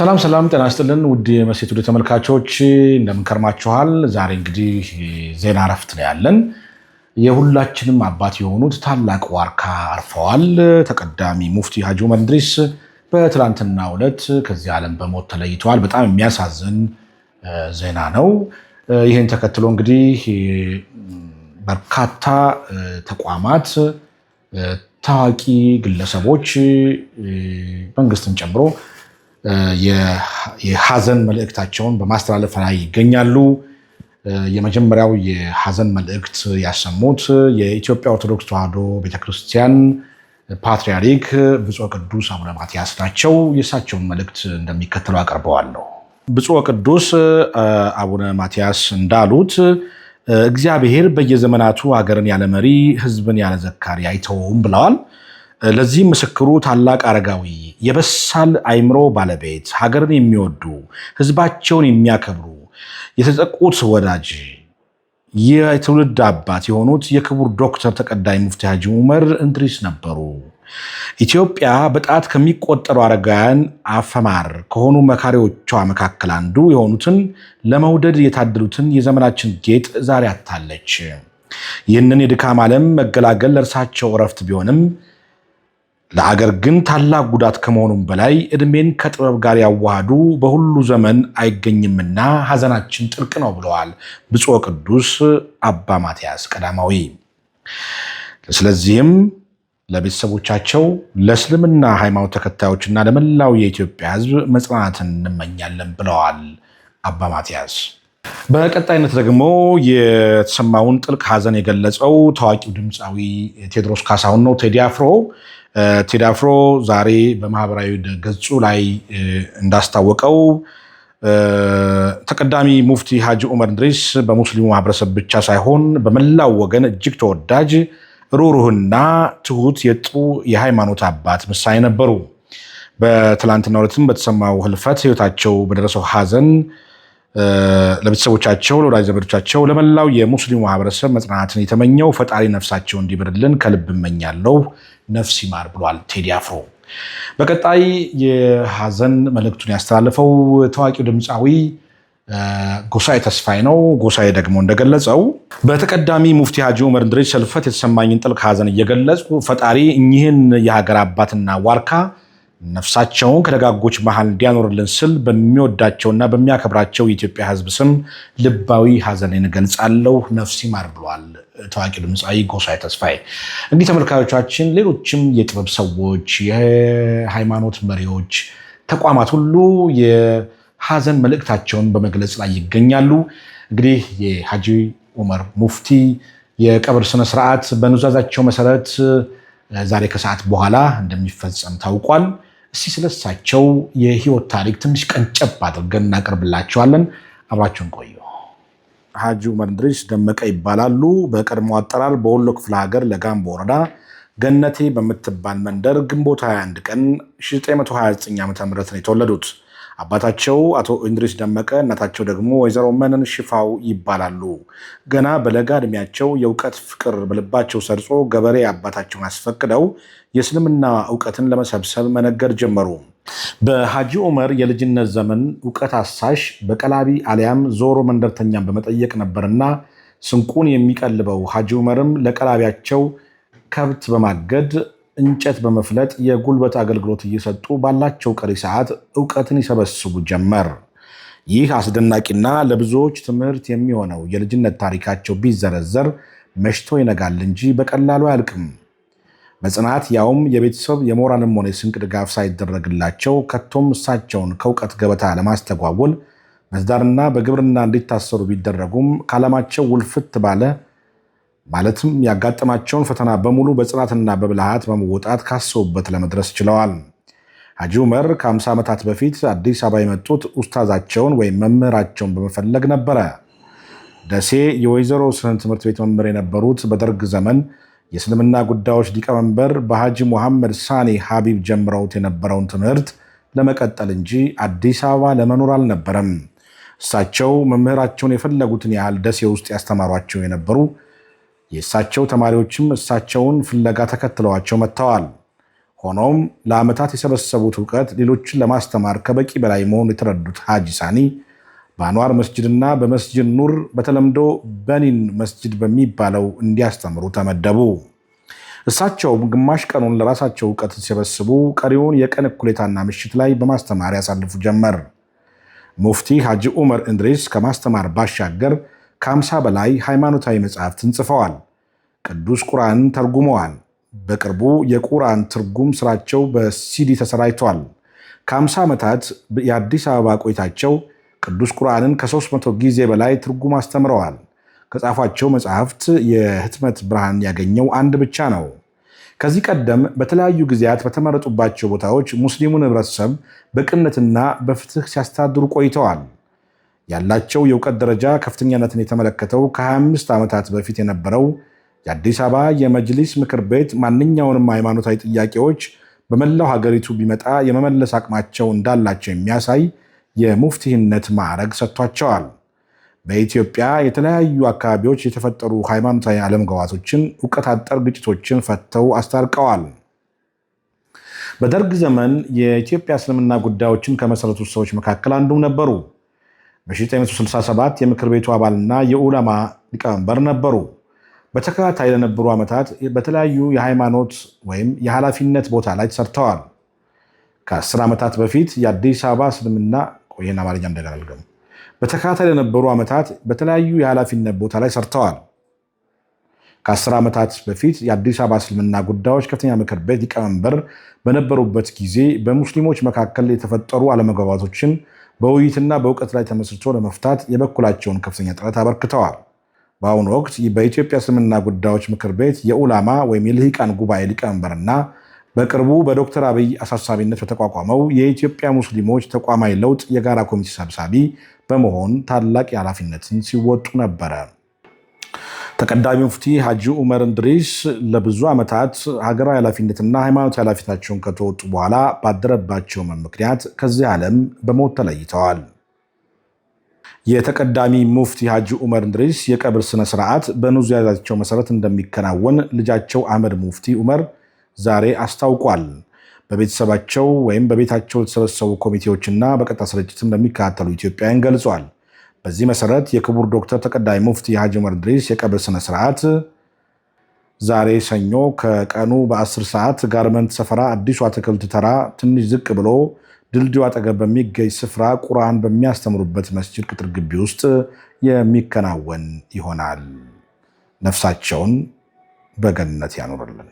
ሰላም ሰላም፣ ጤና ይስጥልን ውድ የመሴት ውድ ተመልካቾች እንደምንከርማችኋል። ዛሬ እንግዲህ ዜና እረፍት ነው ያለን። የሁላችንም አባት የሆኑት ታላቅ ዋርካ አርፈዋል። ተቀዳሚ ሙፍቲ ሀጂ ዑመር ኢድሪስ በትናንትናው ዕለት ከዚህ ዓለም በሞት ተለይተዋል። በጣም የሚያሳዝን ዜና ነው። ይህን ተከትሎ እንግዲህ በርካታ ተቋማት፣ ታዋቂ ግለሰቦች መንግስትን ጨምሮ የሐዘን መልእክታቸውን በማስተላለፍ ላይ ይገኛሉ። የመጀመሪያው የሐዘን መልእክት ያሰሙት የኢትዮጵያ ኦርቶዶክስ ተዋሕዶ ቤተክርስቲያን ፓትርያርክ ብፁዕ ቅዱስ አቡነ ማትያስ ናቸው። የእሳቸውን መልእክት እንደሚከተሉ አቀርበዋለሁ። ብፁዕ ቅዱስ አቡነ ማትያስ እንዳሉት እግዚአብሔር በየዘመናቱ ሀገርን ያለ መሪ፣ ህዝብን ያለ ዘካሪ አይተውም ብለዋል። ለዚህ ምስክሩ ታላቅ አረጋዊ የበሳል አይምሮ ባለቤት ሀገርን የሚወዱ ህዝባቸውን የሚያከብሩ የተጠቁት ወዳጅ የትውልድ አባት የሆኑት የክቡር ዶክተር ተቀዳይ ሙፍቲ ሀጂ ኡመር እንድሪስ ነበሩ። ኢትዮጵያ በጣት ከሚቆጠሩ አረጋውያን አፈማር ከሆኑ መካሪዎቿ መካከል አንዱ የሆኑትን ለመውደድ የታደሉትን የዘመናችን ጌጥ ዛሬ አታለች። ይህንን የድካም ዓለም መገላገል ለእርሳቸው እረፍት ቢሆንም ለአገር ግን ታላቅ ጉዳት ከመሆኑም በላይ ዕድሜን ከጥበብ ጋር ያዋሃዱ በሁሉ ዘመን አይገኝምና ሐዘናችን ጥልቅ ነው ብለዋል ብፁዕ ቅዱስ አባ ማትያስ ቀዳማዊ። ስለዚህም ለቤተሰቦቻቸው ለእስልምና ሃይማኖት ተከታዮችና ለመላው የኢትዮጵያ ሕዝብ መጽናናትን እንመኛለን ብለዋል አባ ማትያስ። በቀጣይነት ደግሞ የተሰማውን ጥልቅ ሐዘን የገለጸው ታዋቂው ድምፃዊ ቴዎድሮስ ካሳሁን ነው ቴዲ አፍሮ ቴዲ አፍሮ ዛሬ በማህበራዊ ገጹ ላይ እንዳስታወቀው ተቀዳሚ ሙፍቲ ሀጂ ኡመር እንድሪስ በሙስሊሙ ማህበረሰብ ብቻ ሳይሆን በመላው ወገን እጅግ ተወዳጅ ሩሩህና ትሁት የጡ የሃይማኖት አባት ምሳሌ ነበሩ። በትላንትና ዕለትም በተሰማው ህልፈት ህይወታቸው በደረሰው ሀዘን ለቤተሰቦቻቸው፣ ለወዳጅ ዘመዶቻቸው፣ ለመላው የሙስሊሙ ማህበረሰብ መጽናናትን የተመኘው ፈጣሪ ነፍሳቸው እንዲብርልን ከልብ እመኛለሁ ነፍስ ይማር ብሏል ቴዲ አፍሮ። በቀጣይ የሀዘን መልእክቱን ያስተላለፈው ታዋቂው ድምፃዊ ጎሳኤ ተስፋዬ ነው። ጎሳኤ ደግሞ እንደገለጸው በተቀዳሚ ሙፍቲ ሀጂ ዑመር እንድሪስ ሰልፈት የተሰማኝን ጥልቅ ሀዘን እየገለጽኩ ፈጣሪ እኚህን የሀገር አባትና ዋርካ ነፍሳቸውን ከደጋጎች መሃል እንዲያኖርልን ስል በሚወዳቸውና በሚያከብራቸው የኢትዮጵያ ሕዝብ ስም ልባዊ ሀዘኔን እገልጻለሁ። ነፍስ ይማር ብሏል ታዋቂ ድምፃዊ ጎሳዬ ተስፋዬ። እንዲህ ተመልካዮቻችን፣ ሌሎችም የጥበብ ሰዎች፣ የሃይማኖት መሪዎች፣ ተቋማት ሁሉ የሀዘን መልእክታቸውን በመግለጽ ላይ ይገኛሉ። እንግዲህ የሀጂ ኡመር ሙፍቲ የቀብር ስነስርዓት በኑዛዛቸው መሰረት ዛሬ ከሰዓት በኋላ እንደሚፈጸም ታውቋል። እስቲ ስለሳቸው የህይወት ታሪክ ትንሽ ቀንጨብ አድርገን እናቀርብላቸዋለን። አብራችሁን ቆዩ። ሐጂ መንድሪስ ደመቀ ይባላሉ። በቀድሞ አጠራር በወሎ ክፍለ ሀገር ለጋምቦ ወረዳ ገነቴ በምትባል መንደር ግንቦት 21 ቀን 1929 ዓ ም ነው የተወለዱት። አባታቸው አቶ ኢንድሪስ ደመቀ እናታቸው ደግሞ ወይዘሮ መነን ሽፋው ይባላሉ። ገና በለጋ እድሜያቸው የእውቀት ፍቅር በልባቸው ሰርጾ ገበሬ አባታቸውን አስፈቅደው የእስልምና እውቀትን ለመሰብሰብ መነገድ ጀመሩ። በሀጂ ዑመር የልጅነት ዘመን እውቀት አሳሽ በቀላቢ አሊያም ዞሮ መንደርተኛን በመጠየቅ ነበርና ስንቁን የሚቀልበው ሀጂ ዑመርም ለቀላቢያቸው ከብት በማገድ እንጨት በመፍለጥ የጉልበት አገልግሎት እየሰጡ ባላቸው ቀሪ ሰዓት እውቀትን ይሰበስቡ ጀመር። ይህ አስደናቂና ለብዙዎች ትምህርት የሚሆነው የልጅነት ታሪካቸው ቢዘረዘር መሽቶ ይነጋል እንጂ በቀላሉ አያልቅም። መጽናት ያውም የቤተሰብ የሞራልም ሆነ የስንቅ ድጋፍ ሳይደረግላቸው ከቶም እሳቸውን ከእውቀት ገበታ ለማስተጓጎል በትዳርና በግብርና እንዲታሰሩ ቢደረጉም ከዓላማቸው ውልፍት ባለ ማለትም ያጋጠማቸውን ፈተና በሙሉ በጽናትና በብልሃት በመወጣት ካሰቡበት ለመድረስ ችለዋል። ሐጂ ዑመር ከ50 ዓመታት በፊት አዲስ አበባ የመጡት ኡስታዛቸውን ወይም መምህራቸውን በመፈለግ ነበረ። ደሴ የወይዘሮ ስህን ትምህርት ቤት መምህር የነበሩት በደርግ ዘመን የእስልምና ጉዳዮች ሊቀመንበር በሐጂ ሙሐመድ ሳኒ ሀቢብ ጀምረውት የነበረውን ትምህርት ለመቀጠል እንጂ አዲስ አበባ ለመኖር አልነበረም። እሳቸው መምህራቸውን የፈለጉትን ያህል ደሴ ውስጥ ያስተማሯቸው የነበሩ የእሳቸው ተማሪዎችም እሳቸውን ፍለጋ ተከትለዋቸው መጥተዋል። ሆኖም ለዓመታት የሰበሰቡት እውቀት ሌሎችን ለማስተማር ከበቂ በላይ መሆኑ የተረዱት ሃጂ ሳኒ በአንዋር መስጅድና በመስጅድ ኑር በተለምዶ በኒን መስጅድ በሚባለው እንዲያስተምሩ ተመደቡ። እሳቸው ግማሽ ቀኑን ለራሳቸው እውቀት ሲሰበስቡ ቀሪውን የቀን እኩሌታና ምሽት ላይ በማስተማር ያሳልፉ ጀመር። ሙፍቲ ሐጂ ዑመር እንድሪስ ከማስተማር ባሻገር ከአምሳ በላይ ሃይማኖታዊ መጽሐፍትን ጽፈዋል። ቅዱስ ቁርአንን ተርጉመዋል። በቅርቡ የቁርአን ትርጉም ስራቸው በሲዲ ተሰራጭቷል። ከአምሳ ዓመታት የአዲስ አበባ ቆይታቸው ቅዱስ ቁርአንን ከ300 ጊዜ በላይ ትርጉም አስተምረዋል። ከጻፏቸው መጽሐፍት የህትመት ብርሃን ያገኘው አንድ ብቻ ነው። ከዚህ ቀደም በተለያዩ ጊዜያት በተመረጡባቸው ቦታዎች ሙስሊሙን ህብረተሰብ በቅንነትና በፍትህ ሲያስተዳድሩ ቆይተዋል። ያላቸው የእውቀት ደረጃ ከፍተኛነትን የተመለከተው ከ25 ዓመታት በፊት የነበረው የአዲስ አበባ የመጅሊስ ምክር ቤት ማንኛውንም ሃይማኖታዊ ጥያቄዎች በመላው ሀገሪቱ ቢመጣ የመመለስ አቅማቸው እንዳላቸው የሚያሳይ የሙፍቲህነት ማዕረግ ሰጥቷቸዋል። በኢትዮጵያ የተለያዩ አካባቢዎች የተፈጠሩ ሃይማኖታዊ አለመግባባቶችን፣ እውቀት አጠር ግጭቶችን ፈተው አስታርቀዋል። በደርግ ዘመን የኢትዮጵያ እስልምና ጉዳዮችን ከመሰረቱ ሰዎች መካከል አንዱም ነበሩ። በ1967 የምክር ቤቱ አባልና የኡለማ ሊቀመንበር ነበሩ። በተከታታይ ለነበሩ ዓመታት በተለያዩ የሃይማኖት ወይም የኃላፊነት ቦታ ላይ ሰርተዋል። ከአስር ዓመታት በፊት የአዲስ አበባ እስልምና ይህን አማርኛ እንደገና ልገሙ። በተከታታይ ለነበሩ ዓመታት በተለያዩ የኃላፊነት ቦታ ላይ ሰርተዋል። ከአስር ዓመታት በፊት የአዲስ አበባ እስልምና ጉዳዮች ከፍተኛ ምክር ቤት ሊቀመንበር በነበሩበት ጊዜ በሙስሊሞች መካከል የተፈጠሩ አለመግባባቶችን በውይይትና በእውቀት ላይ ተመስርቶ ለመፍታት የበኩላቸውን ከፍተኛ ጥረት አበርክተዋል። በአሁኑ ወቅት በኢትዮጵያ እስልምና ጉዳዮች ምክር ቤት የኡላማ ወይም የልሂቃን ጉባኤ ሊቀመንበርና በቅርቡ በዶክተር አብይ አሳሳቢነት በተቋቋመው የኢትዮጵያ ሙስሊሞች ተቋማዊ ለውጥ የጋራ ኮሚቴ ሰብሳቢ በመሆን ታላቅ የኃላፊነትን ሲወጡ ነበረ። ተቀዳሚ ሙፍቲ ሀጂ ኡመር እንድሪስ ለብዙ ዓመታት ሀገራዊ ኃላፊነትና ሃይማኖት ኃላፊነታቸውን ከተወጡ በኋላ ባደረባቸው ምክንያት ከዚህ ዓለም በሞት ተለይተዋል። የተቀዳሚ ሙፍቲ ሀጂ ኡመር እንድሪስ የቀብር ስነ ስርዓት በኑዛዜያቸው መሰረት እንደሚከናወን ልጃቸው አህመድ ሙፍቲ ኡመር ዛሬ አስታውቋል። በቤተሰባቸው ወይም በቤታቸው የተሰበሰቡ ኮሚቴዎችና በቀጥታ ስርጭትም ለሚከታተሉ ኢትዮጵያውያን ገልጿል። በዚህ መሰረት የክቡር ዶክተር ተቀዳሚ ሙፍቲ የሐጂ ዑመር ኢድሪስ የቀብር ስነስርዓት ዛሬ ሰኞ ከቀኑ በ10 ሰዓት ጋርመንት ሰፈራ አዲሱ አትክልት ተራ ትንሽ ዝቅ ብሎ ድልድዩ አጠገብ በሚገኝ ስፍራ ቁርአን በሚያስተምሩበት መስጅድ ቅጥር ግቢ ውስጥ የሚከናወን ይሆናል። ነፍሳቸውን በገነት ያኖርልን።